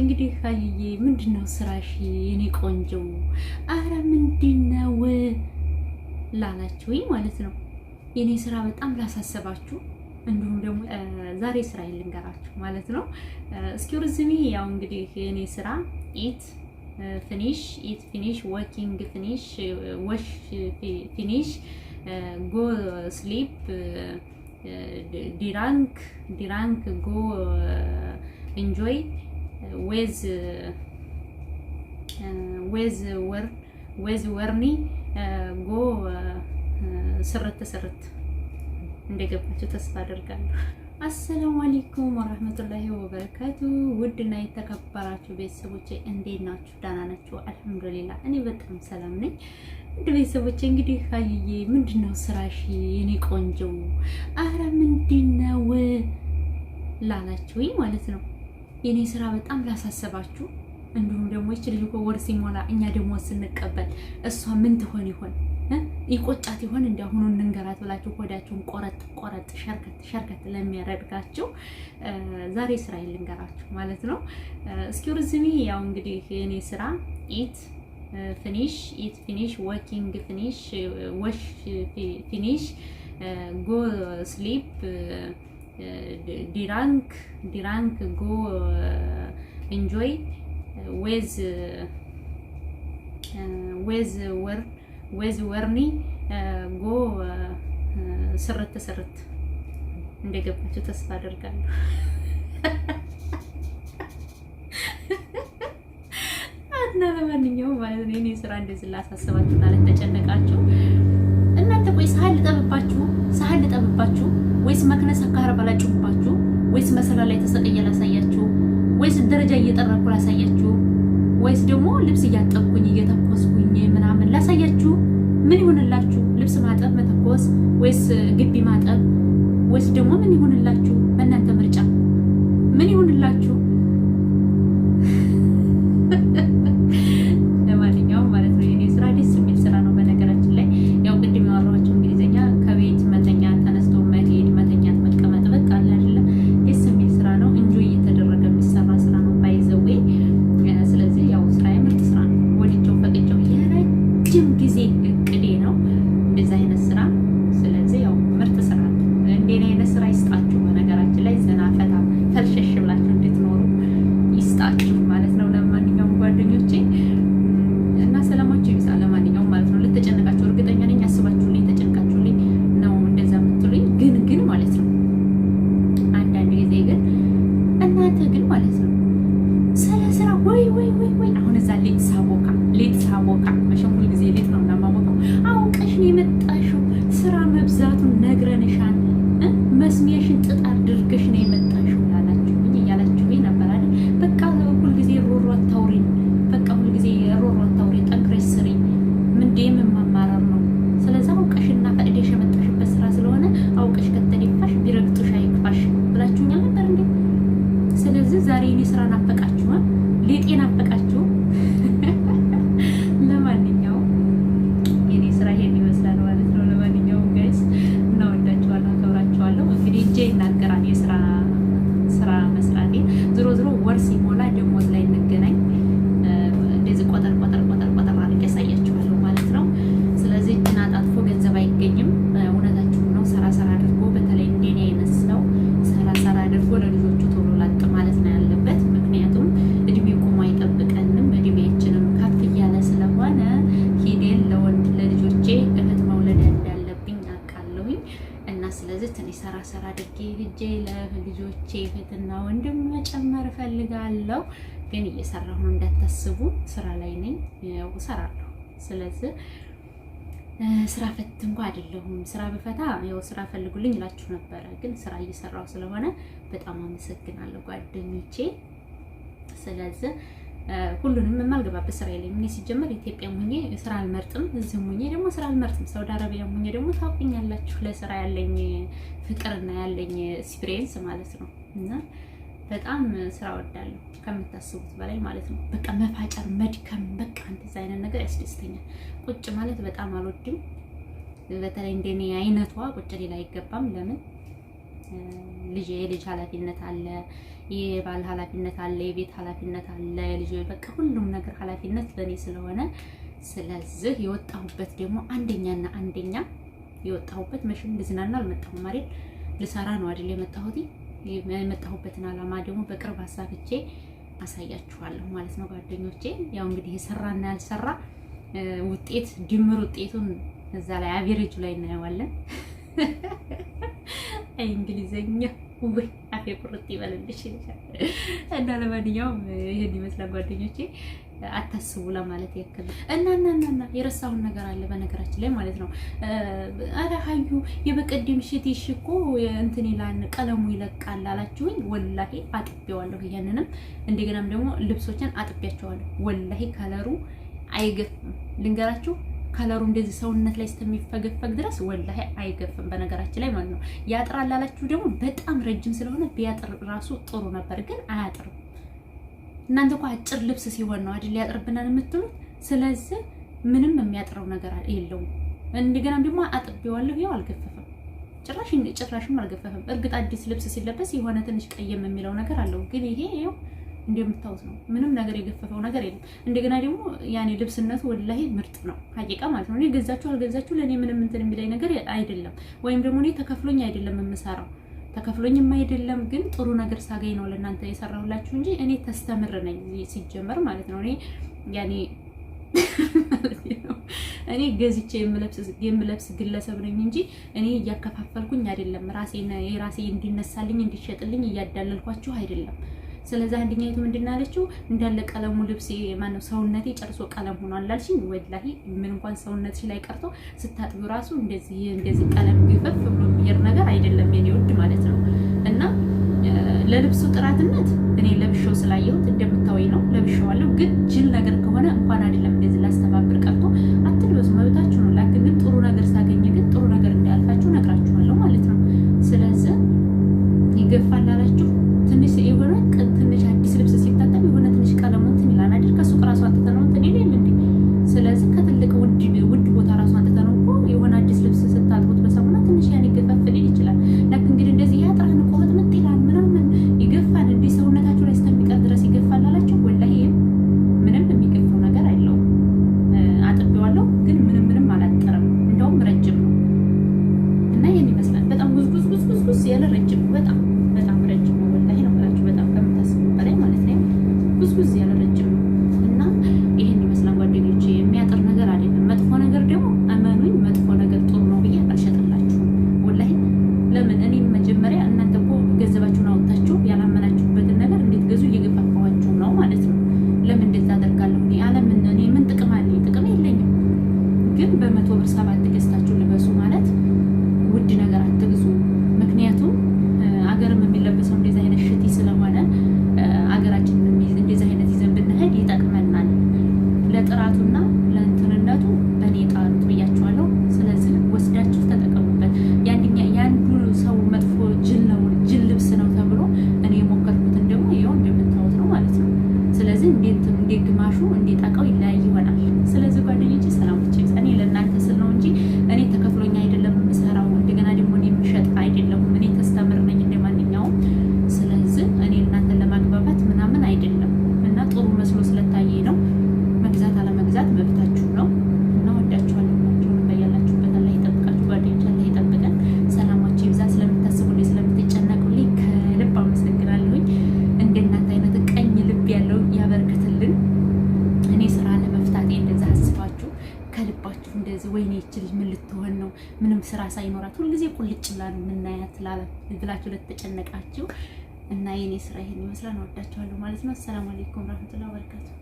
እንግዲህ ሀይዬ ምንድን ነው ስራሽ የኔ ቆንጆ? አረ ምንድን ነው ላላችሁኝ ማለት ነው የኔ ስራ በጣም ላሳሰባችሁ፣ እንዲሁም ደግሞ ዛሬ ስራ ልንገራችሁ ማለት ነው። እስኪ ያው እንግዲህ የኔ ስራ ኢት ፊኒሽ ኢት ፊኒሽ ወኪንግ ፊኒሽ ወሽ ፊኒሽ ጎ ስሊፕ ዲራንክ ዲራንክ ጎ ኢንጆይ ዌዝ ዌዝ ወር ዌዝ ወርኒ ጎ ስርት ስርት እንደገባችሁ ተስፋ አደርጋለሁ። አሰላሙ አለይኩም ወራህመቱላሂ ወበረካቱ። ውድና የተከበራችሁ ቤተሰቦቼ እንዴት ናችሁ? ደህና ናችሁ? አልሐምዱሊላህ እኔ በጣም ሰላም ነኝ። እንደ ቤተሰቦቼ እንግዲህ ሀይዬ ምንድነው ስራሽ የኔ ቆንጆ? አረ ምንድነው ላላችሁኝ ማለት ነው የኔ ስራ በጣም ላሳሰባችሁ፣ እንዲሁም ደግሞ ይች ልጅ እኮ ወር ሲሞላ እኛ ደግሞ ስንቀበል እሷ ምን ትሆን ይሆን ይቆጫት ይሆን እንደ አሁኑ እንንገራት ብላችሁ ሆዳችሁን ቆረጥ ቆረጥ ሸርከት ሸርከት ለሚያደርጋችሁ ዛሬ ስራ ልንገራችሁ ማለት ነው። እስኪ ርዝሚ ያው እንግዲህ የኔ ስራ ኢት ፊኒሽ ኢት ፊኒሽ ወኪንግ ፊኒሽ ወሽ ፊኒሽ ጎ ስሊፕ ዲራንክ ዲራንክ ጎ ኢንጆይ ዌዝ ዌዝ ወር ዌዝ ወርኒ uh, ጎ uh, uh, ስርት ስርት እንደገባችሁ ተስፋ አደርጋለሁ። እና ለማንኛውም ማለት ነው የኔ ስራ እንደዚህ ላሳስባችሁ ማለት ተጨነቃችሁ እናንተ። ቆይ ሳህን ልጠብባችሁ፣ ሳህን ልጠብባችሁ ወይስ መክነስ ሰካር በላጭሁባችሁ ወይስ መሰላ ላይ ተሰቅዬ ላሳያችሁ ወይስ ደረጃ እየጠረኩ ላሳያችሁ ወይስ ደግሞ ልብስ እያጠብኩኝ እየተኮስኩኝ ምናምን ላሳያችሁ? ምን ይሆንላችሁ? ልብስ ማጠብ መተኮስ፣ ወይስ ግቢ ማጠብ፣ ወይስ ደግሞ ምን ይሆንላችሁ በእናንተ Design. ስለዚህ ዛሬ እኔ ስራ ናፈቃችኋል፣ ሌጤ ናፈቃችሁ አድጌ ግጄ ለልጆቼ እህትና ወንድም መጨመር እፈልጋለሁ። ግን እየሰራሁ ነው እንዳታስቡ፣ ስራ ላይ ነኝ፣ እሰራለሁ። ስለዚህ ስራ ፈት እንኳ አይደለሁም። ስራ ብፈታ ያው ስራ ፈልጉልኝ እላችሁ ነበረ። ግን ስራ እየሰራሁ ስለሆነ በጣም አመሰግናለሁ ጓደኞቼ። ስለዚህ ሁሉንም የማልገባበት ስራ የለኝም። ምን ሲጀመር ኢትዮጵያ ሙኜ ስራ አልመርጥም፣ እዚህ ሙኜ ደግሞ ስራ አልመርጥም፣ ሳውዲ አረቢያ ሙኜ ደግሞ ታውቁኛላችሁ፣ ለስራ ያለኝ ፍቅርና ያለኝ ኤክስፒሪየንስ ማለት ነው። እና በጣም ስራ ወዳለሁ ከምታስቡት በላይ ማለት ነው። በቃ መፋጨር፣ መድከም፣ በቃ እንደዚህ አይነት ነገር ያስደስተኛል። ቁጭ ማለት በጣም አልወድም። በተለይ እንደኔ አይነቷ ቁጭ ሌላ አይገባም። ለምን ልጅ የልጅ ኃላፊነት አለ፣ የባል ኃላፊነት አለ፣ የቤት ኃላፊነት አለ፣ የልጅ በቃ ሁሉም ነገር ኃላፊነት ለእኔ ስለሆነ ስለዚህ የወጣሁበት ደግሞ አንደኛና አንደኛ የወጣሁበት መሽ ልዝናና አልመጣሁም አይደል፣ ልሰራ ነው አይደል የመጣሁት። የመጣሁበትን አላማ ደግሞ በቅርብ አሳክቼ አሳያችኋለሁ ማለት ነው ጓደኞቼ። ያው እንግዲህ የሰራና ያልሰራ ውጤት ድምር ውጤቱን እዛ ላይ አቬሬጁ ላይ እናየዋለን። እንግሊዘኛ ወይ አፌ ቁርጥ ይበልልሽ እና ለማንኛውም ይህን ይመስላል ጓደኞቼ፣ አታስቡ ለማለት ያክል እና እና እና እና የረሳሁን ነገር አለ በነገራችን ላይ ማለት ነው። አረ ሀዩ የበቀደም ሽትሽ እኮ እንትን ይላል ቀለሙ ይለቃል አላችሁኝ። ወላሂ አጥቤዋለሁ። ያንንም እንደገናም ደግሞ ልብሶችን አጥቤያቸዋለሁ። ወላሂ ከለሩ አይገጥም ልንገራችሁ ከለሩ እንደዚህ ሰውነት ላይ እስከሚፈገፈግ ድረስ ወላሂ አይገፍም። በነገራችን ላይ ማለት ነው ያጥራል አላላችሁ ደግሞ በጣም ረጅም ስለሆነ ቢያጥር ራሱ ጥሩ ነበር፣ ግን አያጥርም። እናንተ እኮ አጭር ልብስ ሲሆን ነው አይደል ያጥርብናል የምትሉት። ስለዚህ ምንም የሚያጥረው ነገር የለውም። እንደገናም ደግሞ አጥቤዋለሁ፣ ያው አልገፈፈም፣ ጭራሽ ጭራሽም አልገፈፈም። እርግጥ አዲስ ልብስ ሲለበስ የሆነ ትንሽ ቀየም የሚለው ነገር አለው፣ ግን ይሄ እንደምታውስ ነው። ምንም ነገር የገፈፈው ነገር የለም። እንደገና ደግሞ ያኔ ልብስነቱ ወላሂ ምርጥ ነው ሀቂቃ ማለት ነው። እኔ ገዛችሁ አልገዛችሁ ለእኔ ምንም እንትን የሚለኝ ነገር አይደለም። ወይም ደግሞ እኔ ተከፍሎኝ አይደለም የምሰራው ተከፍሎኝም አይደለም ግን ጥሩ ነገር ሳገኝ ነው ለእናንተ የሰራሁላችሁ እንጂ እኔ ተስተምር ነኝ ሲጀመር ማለት ነው። እኔ ያኔ እኔ ገዝቼ የምለብስ ግለሰብ ነኝ እንጂ እኔ እያከፋፈልኩኝ አይደለም። ራሴ የራሴ እንዲነሳልኝ እንዲሸጥልኝ እያዳለልኳችሁ አይደለም። ስለዚ አንድኛይቱ ምንድን አለችው እንዳለ ቀለሙ ልብስ ማነው ሰውነቴ ጨርሶ ቀለም ሆኗል አላልሽኝ? ወላሂ ምን እንኳን ሰውነትሽ ላይ ቀርቶ ስታጥቢው ራሱ እንደዚህ እንደዚህ ቀለም ግፈፍ ብሎ የሚሄድ ነገር አይደለም የኔ ውድ ማለት ነው። እና ለልብሱ ጥራትነት እኔ ለብሼው ስላየሁት እንደምታወኝ ነው ለብሼዋለሁ። ግን ጅል ነገር ከሆነ እንኳን አይደለም እንደዚህ ላስተባብር ቀርቶ ያበርክትልን። እኔ ስራ ለመፍታት እንደዛ አስባችሁ ከልባችሁ እንደዚህ ወይኔ ይች ልጅ ምን ልትሆን ነው ምንም ስራ ሳይኖራት ሁልጊዜ ቁልጭ ላሉ ምናያት ብላችሁ ለተጨነቃችሁ እና የኔ ስራ ይሄን ይመስላል። ወዳችኋለሁ ማለት ነው። አሰላሙ አለይኩም ረህመቱላሂ ወበረካቱ